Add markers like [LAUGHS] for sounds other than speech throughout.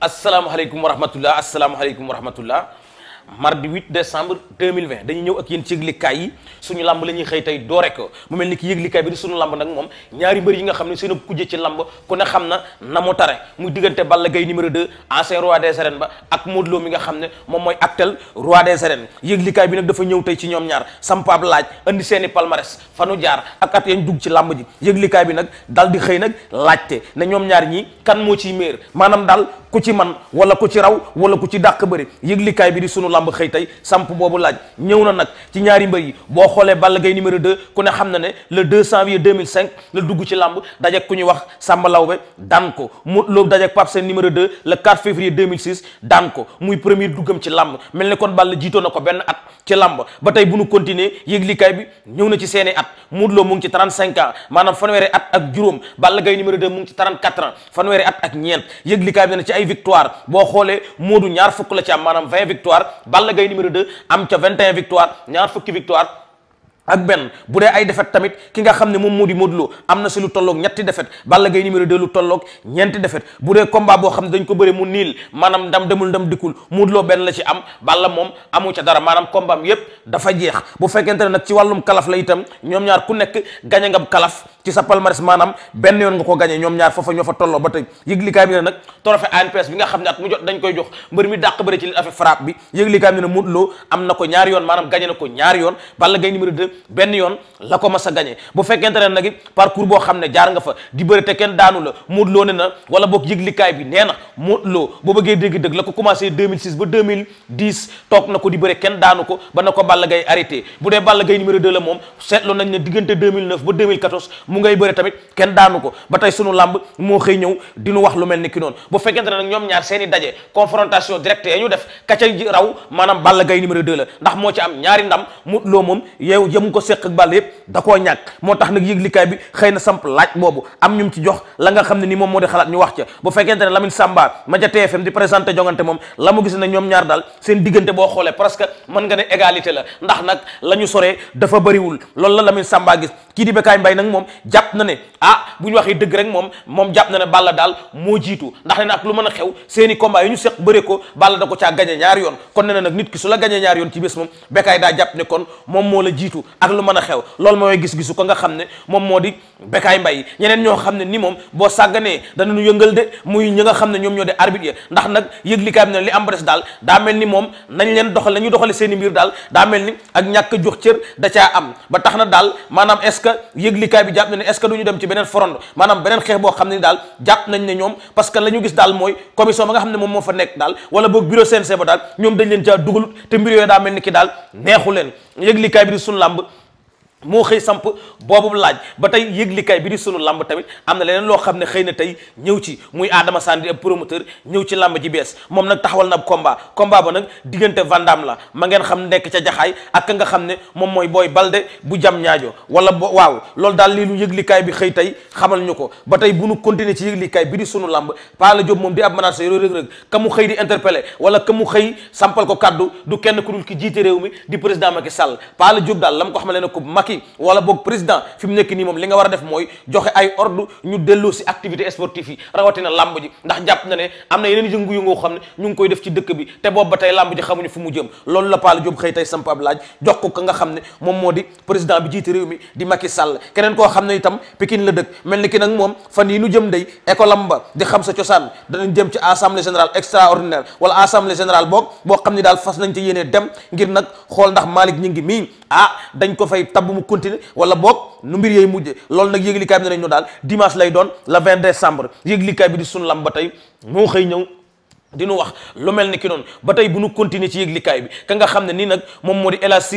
asalaamaaleykum wa rahmatullah asalaamaaleykum wa rahmatullah mardi 8 décembre 2020 dañuy ñëw ak yéen ci yëglikaay yi suñu lamb la ñuy xëy tey doore ko mu mel ni ki yëglikaay bi di suñu lamb nag moom ñaari mbër yi nga xam ne seen kujje ci lamb ku ne xam na na mu tare muy diggante Balla Gaye numéro de ancien roi des arènes ba ak Modou mi nga xam ne moom mooy actuel roi des arènes yëglikaay bi nag dafa ñëw tey ci ñoom ñaar sampaab laaj indi seeni palmarès fanu jaar ak at yañ dugg ci lamb ji yëglikaay bi nag dal di xëy nag laajte ne ñoom ñaar ñii kan moo ciy meer maanaam daal ku ci man wala ku ci raw wala ku ci dàq bëri yëglikaay bi di sunu lamb xëy tey samp boobu laaj ñëw na nag ci ñaari mbër yi boo xoolee Balla Gaye numéro 2 ku ne xam na ne le 2 janvier la dugg ci lamb dajek ku ñuy wax Samba Lawbe daan ko mu loolu dajek Pape Sène numéro 2 le 4 février 2006 daan ko muy premier duggam ci lamb mel ni kon Balla jiitoo na ko benn at ci lamb ba tey bu nu continuer yëglikaay bi ñëw na ci seeni at Modou Lo mu ngi ci 35 ans maanaam fanweeri at ak juróom Balla Gaye numéro 2 mu ngi ay victoire boo xoolee Modou ñaar fukk la ci am maanaam 20 victoire Balla gay numéro de am ca 21 victoire ñaar fukki victoire ak benn bu dee ay defet tamit ki nga xam ne moom moo di Modou am na si lu tolloog ñetti defet Balla gay numéro de lu tolloog ñeenti defet bu dee combat boo xam ne dañ ko bëre mu niil maanaam ndam demul ndam dikkul Modou benn la ci am Balla moom amu ca dara maanaam combat yépp dafa jeex bu fekkente ne nag ci wàllum kalaf la itam ñoom ñaar ku nekk gañ nga ci sa palmarès maanaam benn yoon nga ko gagné ñoom ñaar foofa ñoo fa tolloo ba tey yëglikaay bi ne nag trophée ANPS bi nga xam ne at mu jot dañ koy jox mbër mi dàq na ko boo xam ne jaar nga fa di bëri te kenn daanu la Modou Lo la ko commencé 2006 ba na ko di bëri ko ba na ko Balla dee Balla Gaye numéro 2 la moom seetloo nañ ne diggante 2009 ba ngay bëre tamit kenn daanu ko ba tey suñu làmb moo xëy ñëw dinu wax lu mel ni ki noonu bu fekkente ne nag ñoom ñaar seen daje confrontation directe ya ñu def kaca raw maanaam Balla Gaye numéro 2 la ndax moo ci am ñaari ndam mu loo moom yow yemu ko seq Balla yëpp da koo ñàkk moo tax nag yëglikaay bi xëy na samp laaj boobu am ñum ci jox la nga xam ne nii moom moo di xalaat ñu wax ca bu fekkente ne Lamine Samba ma ca TFM di présenté jongante moom la mu gis ne ñoom ñaar daal seen diggante boo xoolee presque man nga ne égalité la ndax nag la ñu soree dafa bëriwul loolu la Lamine Samba gis kii di Bécaye Mbaye nag moom jàpp na ne ah bu ñu waxee dëgg rek moom moom jàpp na ne Balla daal moo jiitu ndax ne na ak lu mën a xew seeni combat yi ñu seq bëre ko Balla da ko caa gañe ñaari yoon kon ne na nag nit ki su la gañe ñaari yoon ci bés moom Bécaye daa jàpp ne kon moom moo la jiitu ak lu mën a xew loolu mooy gis-gisu ko nga xam ne moom moo di Bécaye Mbaye ñeneen ñoo xam ne ni moom boo sàgganee danañu yëngal de muy ñi nga xam ne ñoom ñoo di arbitre ya ndax nag yëg li kaay bi li am ba des daal daa mel ni moom nañ leen doxal la ñu doxale seeni mbir daal daa mel ni ak ñàkk jox cër da caa am que yëglikaay bi jàpp na ne du ñu dem ci beneen front maanaam beneen xeex boo xam ne daal jàpp nañ ne ñoom parce que gis daal mooy commission ba nga xam ne moom moo fa nekk daal wala boog bureau CNG ba daal ñoom dañ leen caa dugal te mbir yooyu daa mel ni ki daal neexu leen yëglikaay bi di sunu làmb moo xëy samp boobu laaj ba tey yëglikaay bi di sunu lamb tamit am na leneen loo xam ne xëy na tey ñëw ci muy Adama Sandi ab promoteur ñëw ci lamb ji bees moom nag taxawal na ab combat combat ba nag diggante Vandam la ma ngeen xam nekk ca jaxaay ak ka nga xam ne moom mooy Boy Balde bu jam ñaajo wala bo waaw loolu daal lii lu yëglikaay bi xëy tey xamal ñu ko ba tey bu nu continuer ci yëglikaay bi di sunu lamb Pala moom di ab menace mu xëy di interpeller wala ka mu xëy sampal ko kaddu du kenn ku dul ki jiite réew mi di président Macky Sall Pala Diop daal la mu ko xamal ne ko Macky wala boog président fi nekk nii moom li nga war a def mooy joxe ay ordre ñu delloo si activité sportive yi rawatina làmb ji ndax jàpp na ne am na yeneen yëngu-yëngu xam ne ñu ngi koy def ci dëkk bi te boobu ba tey làmb ji xamuñu fu mu jëm loolu la Paal Jóob xëy tey samp ab laaj jox ko ka nga xam ne moom moo di président bi jiite réew mi di Macky Sall keneen koo xam ne itam Pikine la dëkk mel ni ki nag moom fan yi nu jëm day écolamba di xam ci assemblée générale extraordinaire wala assemblée générale boog boo xam ne daal fas nañ dem ngir nag xool ndax mu continuer wala boog nu mbir yooyu mujje loolu nag yëglikaay bi ne nañ daal dimanche lay doon la 20 décembre yëglikaay bi di sunu lam ba tey moo xëy ñëw dinu wax lu mel ni ki noonu ba tey bu nu continuer ci yëglikaay bi ka nga xam ne nii nag moom moo di El Hadj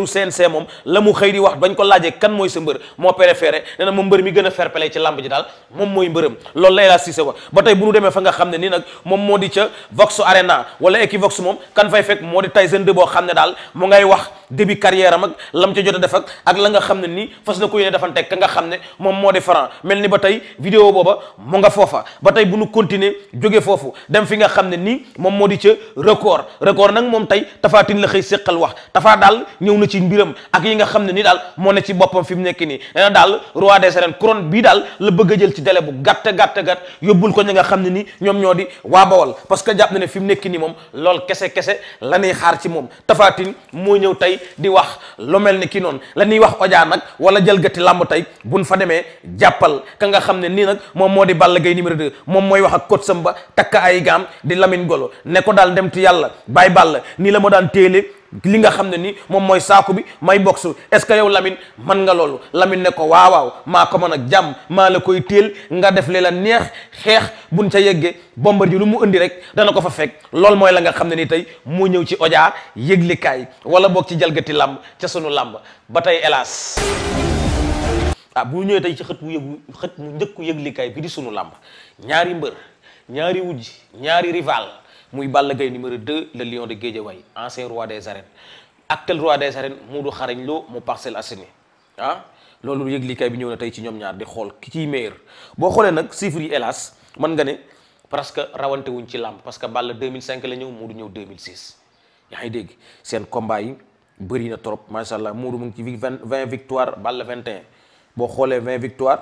u CNC moom la mu xëy di wax bañ ko laajee kan mooy sa mbër moo préféré nee na moom mbër mi gën a fair ci làmb ji daal mooy mbërëm loolu la El Hadj ba tey bu nu fa nga xam ne nii nag moom moo di ca Vox Arena wala Equivox moom kan fay fekk moo di Tyson 2 boo xam ne daal mu ngay wax début carrière mag lam jot a def ak ak la nga xam ne nii fas na ko yéene defante ka nga xam ne moom moo di Franc mel ni ba tey vidéo booba mu nga foofa ba tey bu nu continuer jóge foofu dem fi nga xam ne nii moom moo di ca record record nag moom tey tafaatin la xëy séqal wax tafaa daal ñëw na ci mbiram ak yi nga xam ne ni daal moo ne ci boppam fi mu nekk nii nee daal roi des arènes couronne bii daal la bëgg a jël ci délai bu gàtt gàtt gàtt yóbbul ko ñi nga xam ne nii ñoom ñoo di waa Bawol parce que jàpp na ne fi mu nekk nii moom lool kese kese la ñuy xaar ci moom tafaatin moo ñëw tey di wax lu mel ni ki noonu la ñuy wax ojaa nag wala jalgati làmb tey buñ fa demee jàppal ka nga xam ne nii nag moom moo di Balla gay numéro 2 moom mooy wax ak coach sam ba takk ay gaam di Lamine Golo ne ko daal dem ti yàlla bàyyi Balla nii la ma daan téele li nga xam ne ni moom mooy saaku bi may box est-ce que yow Lamine man nga loolu Lamine ne ko waawaaw maa ko mën ak jàmm maa la koy téel nga def li la neex xeex buñ ca yeggee bombar ji lu mu indi rek dana ko fa fekk loolu mooy la nga xam ne ni tey mu ñëw ci ojaa yëglikaay wala boog ci jalgati làmb ca sunu làmb ba tey hélas ah bu ñëwee tey ci xët mu yëgu xët mu njëkku yëglikaay bi di sunu làmb ñaari mbër ñaari wujj ñaari rival muy Balla Gaye numéro 2 le lion de Guédiawaye ancien roi des arènes actuel roi des arènes Modou Xarañ Lo mu Parcelles Assainies ah loolu yëglikaay bi ñëw na tey ci ñoom ñaar di xool ki ci maire boo xoolee nag chiffres yi hélas mën nga ne parce que rawante ci làmb parce que Balla 2005 la ñëw Modou ñëw 2006 yaa ngi dégg seen combat yi bëri na trop macha allah Modou mu ngi ci vingt vingt victoire Balla 21 boo xoolee 20 victoire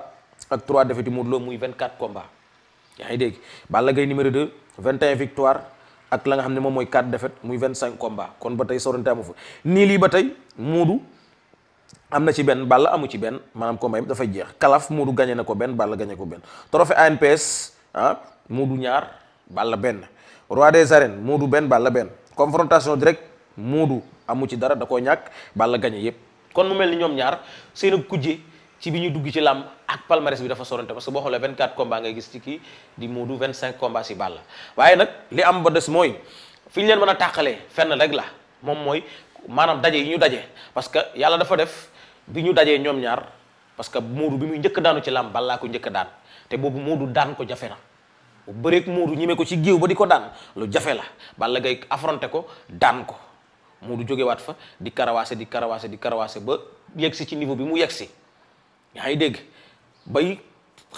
ak 3 défaites Modou Lo muy 24 combats yaa ngi dégg Balla Gaye numéro 2 21 victoire. ak la nga xam ne moom mooy 4 défaites muy 25 combats kon ba tey sorante amu fa nii lii ba tey Moodu am na ci benn Balla amu ci benn maanaam combat yëpp dafay jeex kalaf Moodu gañe na ko benn Balla gagné ko benn trophée ANPS ah Moodu ñaar Balla benn roi des arènes Moodu benn Balla benn confrontation direct Moodu amu ci dara da koo ñàkk Balla gagné yëpp kon mu mel ni ñoom ñaar seen kujje ci bi ñu dugg ci làmb ak palmarès bi dafa sorante parce que boo xoolee 24 combats ngay gis ci kii di Modou 25 combats si Balla waaye nag li am ba des mooy fi ñu leen mën a tàqalee fenn rek la moom mooy maanaam daje yi ñu daje parce que yàlla dafa def bi ñu dajee ñoom ñaar parce que Modou bi mu njëkk daanu ci làmb Balla ko njëkk daan te boobu Modou daan ko jafe na bu bëreeg Modou ñime ko ci géew ba di ko daan lu jafe la Balla Gaye affronté ko daan ko Modou jógewaat fa di karawaase di karawaase di karawaase ba yegg si ci niveau bi yegg si yaa ngi dégg bay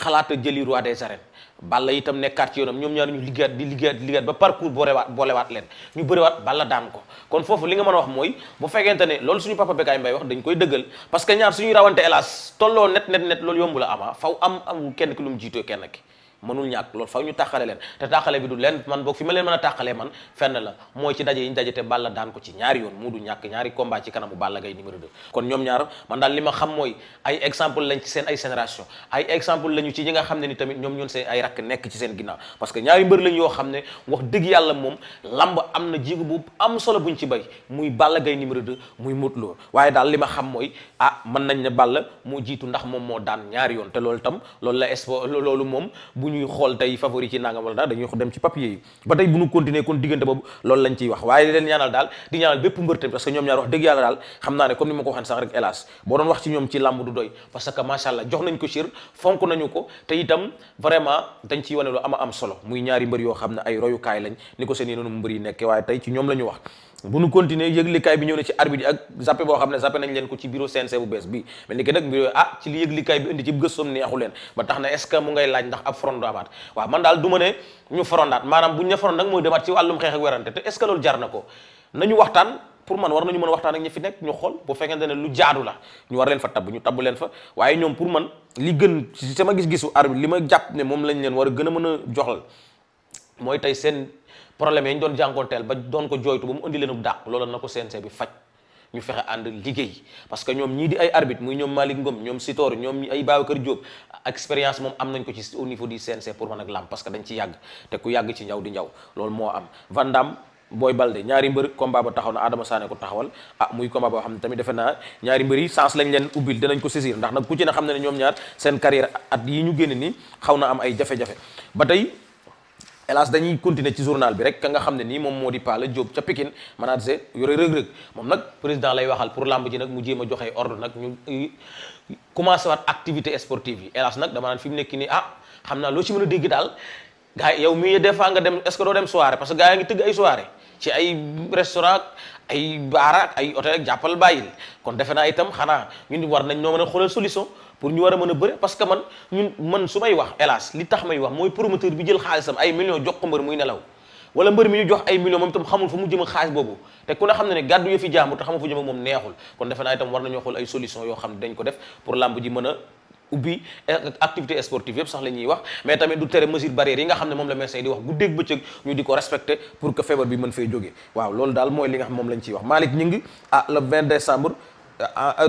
xalaat a jëli roi des arènes Balla itam nekkaat ci yoonam ñoom ñaar ñu liggéeyaat di liggéeyaat di liggéeyaat ba parcours boolewaat boolewaat leen ñu bëriwaat Balla daan ko kon foofu li nga mën a wax mooy bu fekkente ne loolu suñu papa Bécaye Mbaye wax dañ koy dëggal parce que ñaar suñu rawante hélas tolloo net net net loolu yombu la ama faw am amu kenn ki lu mu jiitoo kenn ki mënul ñàkk loolu faw ñu tàqale leen te tàqale bi du leen man boog fi ma leen mën a tàqalee man fenn la mooy ci daje yi daje te Balla daan ko ci ñaari yoon mu du ñàkk ñaari combat ci kanamu Balla Gaye numéro 2 kon ñoom ñaar man daal li ma xam mooy ay exemple lañ ci seen ay génération ay exemple lañu ci ñi nga xam ne ni tamit ñoom ñoon seen ay rakk nekk ci seen ginnaaw parce que ñaari mbër lañ yoo xam ne wax dëgg yàlla moom lamb am na jigu am solo buñ ci bay muy Balla Gaye numéro 2 muy Modou Lo waaye daal li ma xam mooy ah mën nañ ne Balla moo jiitu ndax moom moo daan ñaari yoon te loolu tam ñuy xool tey favori ci nangam wala daal dañuy dem ci papier yi ba tey bu ñu continuer kon diggante boobu loolu lañ ciy wax waaye leen ñaanal daal di ñaanal bépp mbër tamit ñoom ñaar wax dëgg yàlla daal xam naa ne comme ni ma ko waxee sax rek hélas boo doon wax ci ñoom ci làmb du doy parce que macha allah jox nañ ko cir fonk nañu ko te itam vraiment dañ ciy wane lu ama am solo muy ñaari mbër yoo xam ne ay royukaay lañ ni ko seen yeneen mbër yi nekkee tey ci ñoom la ñu wax bu nu continuer yëglikaay bi ñëw na ci arbitre yi ak zappe boo xam ne zappe nañ leen ko ci bureau CNC bu bees bi mais ni ki nag ah, ci li yëglikaay bi indi ci gëstoom neexu ne ñu frondaat maanaam buñ ne frond nag mooy demaat ci wàllum xeex ak werante te est ce war nañu mën a waxtaan ak fi nekk ñu xool ne lu jaadu la ñu war leen fa tabb ñu tabb leen fa waaye li gisu ma jàpp ne moom lañ leen war a gën a mën a joxlal mooy tey seen problème yi ñu doon jànkoonteel ba doon ko jooytu ba mu indi leen dàq loolu na ko CNG bi faj ñu fexe ànd liggéey parce que ñoom ñii di ay arbitre muy ñoom Malick Ngom ñoom Sitor ñoom ay Babacar Diop expérience moom am nañ ko ci au niveau du CNG moo am Van Damme Boy Balde ñaari mbër taxaw na Adama Sané ko taxawal ah muy combat boo xam ne tamit defe naa ñaari mbër yi sens leen ubbil danañ ko saisir ndax nag ku ci ne xam ne ne ñaar seen carrière at yi ñu génn ni xaw na am ay jafe-jafe ba tey hélas dañuy continuer ci journal bi rek ka nga xam ne nii moom moo di Pala Diop ca Pikine manager yore rëg-rëg moom nag président lay waxal pour làmb ji nag mu jéem a joxe ordre nag ñu euh, commencé activité sportive yi hélas nag fi mu nekk nii ah xam naa loo ci mën a dégg daal gars yow mii des fois nga dem est-ce que doo dem soirée parce que gars yaa ngi tëgg ay soirée ci ay restaurant ay baara ay hôtel jàppal bàyyil kon defe naa itam xanaa ñun war nañ ñoo mën a xoolal solution pour ñu war a mën a bëre parce que man ñun man su may wax hélas li tax may wax mooy promoteur bi jël xaalisam ay millions jox ko mbër muy nelaw wala mbër mi ñu jox ay millions moom boobu te ku a moom neexul kon defe naa itam war nañoo xool ay solution yoo a ubbi activité sportive yëpp sax tamit du tere mesure barrière yi nga xam ne moom la médecin di wax guddeeg bëccëg ñu di ko respecté pour que feebar bi mën fay jógee waaw loolu daal mooy li nga xam moom lañ ciy wax Malick Gningue ah le Euh, euh,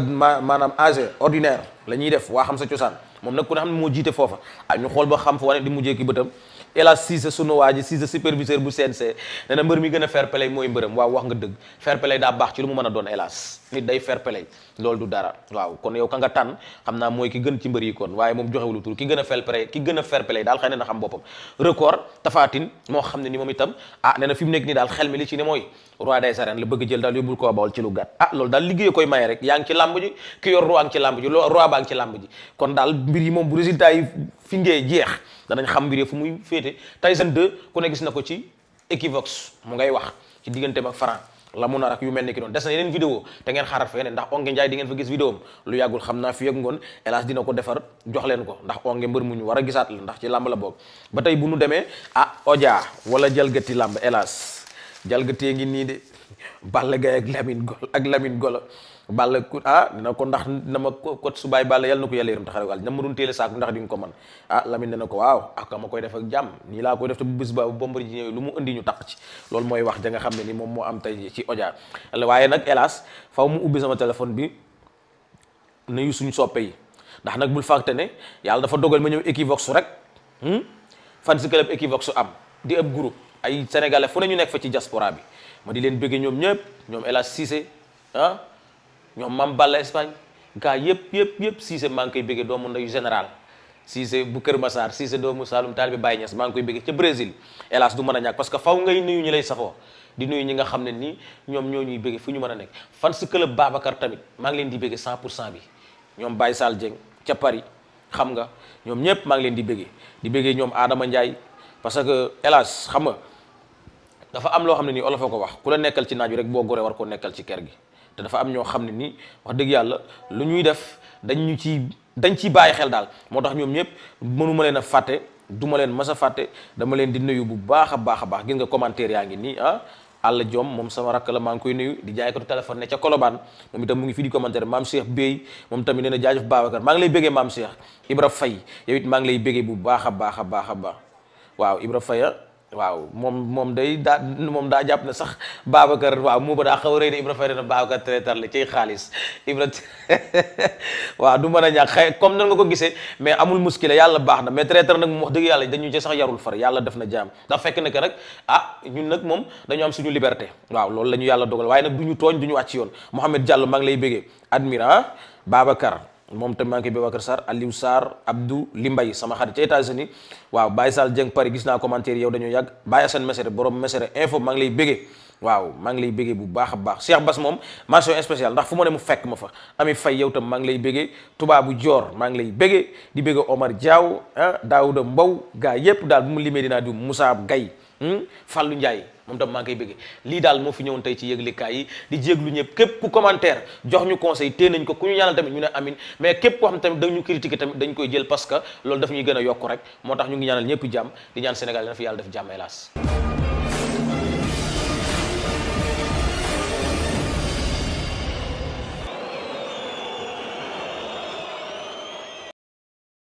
maanaam âge ordinaire la ñuy def waa xam sa cosaan moom nag ku ne xam ne moo jiite foofa ah ñu xool ba xam fa wane di mujjee ki bëtam El Hadj sunu waa ji superviseur bu CNC nee na mbër mi gën a fair play mooy mbërëm waaw wax nga dëgg fair play baax ci lu mu mën a doon El Hadj nit day fair play du dara waaw kon yow ka nga tànn xam naa mooy ki gën ci mbër yi kon waaye moom joxewulu tur ki gën a fair play ki gën a fair play daal xëy na na xam boppam record tafaatin moo xam ne ah, ko bawol ci mbir yi moom bu résultat yi fi ngee jeex danañ xam mbir yi fu muy féete Tyson 2 ku ne gis na ko ci Equivox mu ngay wax ci digganteem ak Franc la mu nar ak yu mel ni ki noonu des na yeneen vidéo te ngeen xaaral fa yeneen ndax onge Njaay di ngeen fa gis vidéo lu yàggul xam naa fi ngoon hélas dina ko defar jox leen ko ndax onge mbër mu ñu war a gisaat la ndax ci làmb la boobu ba tey bu nu demee ah odia wala jalgati làmb hélas jalgatee ngi nii de Balla Gaye ak Lamine Gol ak Lamine Gola Balla ku ah na ko ndax na ma ko su baay Balla yàlla na ko yàlla yërëm taxaw wàll na ma doon téele saako ndax di nga ko mën ah Lamine dana ko waaw ak ma koy def ak jàmm nii laa koy def te bu bis ba Bombardier ji ñëwee lu mu indi ñu taq ci loolu mooy wax ja nga xam ne ni moom moo am tey ci odia waaye nag hélas faw mu ubbi sama téléphone bi nuyu suñu soppe yi ndax nag bul fàtte ne yàlla dafa dogal ma ñëw Equivox rek hmm? fan si club Equivox am di ab ay sénégalais fu ne ñu nekk fa ci diaspora bi ma di leen bëgge ñoom ñëpp ñoom El Hadj Cissé ah ñoom Mam Balla Espagne gaa yëpp yëpp yëpp Cissé maa ngi koy bëgge doomu ndeyu général Cissé bu Kër Massar Cissé doomu saalum taalibe Baye Niass maa ngi koy bëgge ca Brésil El Hadj du mën a ñàkk parce que faw ngay nuyu ñi lay safoo di nuyu ñi nga xam ne nii ñoom ñoo ñuy bëgge fu ñu mën a nekk fan si club Babacar tamit maa ngi leen di bëgge 100 pour cent bi ñoom Baye Sall Dieng ca Paris xam nga ñoom ñëpp maa ngi leen di bëgge di bëgge ñoom Adama Ndiaye parce que hélas xam nga dafa am loo xam ne nii olof a ko wax ku la nekkal ci naaj wi rek boo goree war koo nekkal ci kër gi te dafa am ñoo xam ne nii wax dëgg yàlla lu ñuy def dañ ñu ci dañ ciy bàyyi xel daal moo tax ñoom ñëpp mënuma leen a fàtte duma leen mas a fàtte dama leen di nuyu bu baax a baax a baax gis nga commentaire yaa ngi nii ah àll joom moom sama rakk la maa ngi koy nuyu di jaaykatu téléphone ne ca Colobane moom itam mu ngi fii di commentaire maam Cheikh Bey moom tamit nee na a Babacar maa ngi lay béggee maam Cheikh Ibra Faye yow it maa ngi lay béggee bu baax a baax a baax a baax waaw Ibra ah. waaw moom moom day daa moom daa jàpp na sax Babacar waaw mu ba daa xaw a rëy ne Ibra Faye na Babacar traiteur la ciy xaalis Ibra [LAUGHS] waaw du mën a ñàkk xëy comme nan nga ko gisee mais amul muskila yàlla baax na mais traiteur nag mu wax dëgg yàlla dañu sax yarul far yàlla def na jaam ndax fekk na que nag ah ñun nag moom dañu am suñu liberté waaw loolu la ñu yàlla dogal waaye nag du ñu tooñ du ñu wàcc yoon Mouhamed jàll mag lay béggee admira ah, Babacar moom tam maa ngi koy Babacar Sarr Aliou Sarr Abdou Limbay sama xarit ca États-Unis waaw Baye Sall Dieng Paris gis naa commentaire yow dañoo yàgg Baye Assane Mesere borom Mesere info maa ngi lay béggee waaw maa ngi lay béggee bu baax a baax Cheikh Bass moom mention spéciale ndax fu ma ne mu fekk ma fa ami fay yow tam maa ngi lay béggee tubaabu joor maa ngi lay béggee di béggee Omar jaaw ah Daouda Mbow gaa yépp daal bu mu limee dinaa di Moussa Gaye hmm, Fallou Ndiaye moom tam maa ngi koy bëggee daal moo fi ñëwoon tey ci yëglekaay yi di jéglu ñëpp képp ku commentaire jox ñu conseil tée nañ ko ku ñu ñaanal tamit ñu ne amin mais képp ko xam tamit dañu critiquer tamit dañ koy jël parce que loolu daf ñuy gën a yokk rek moo tax ñu ngi ñaanal ñëpp jàmm di ñaan Sénégal dina fi yàlla def jàmm hélas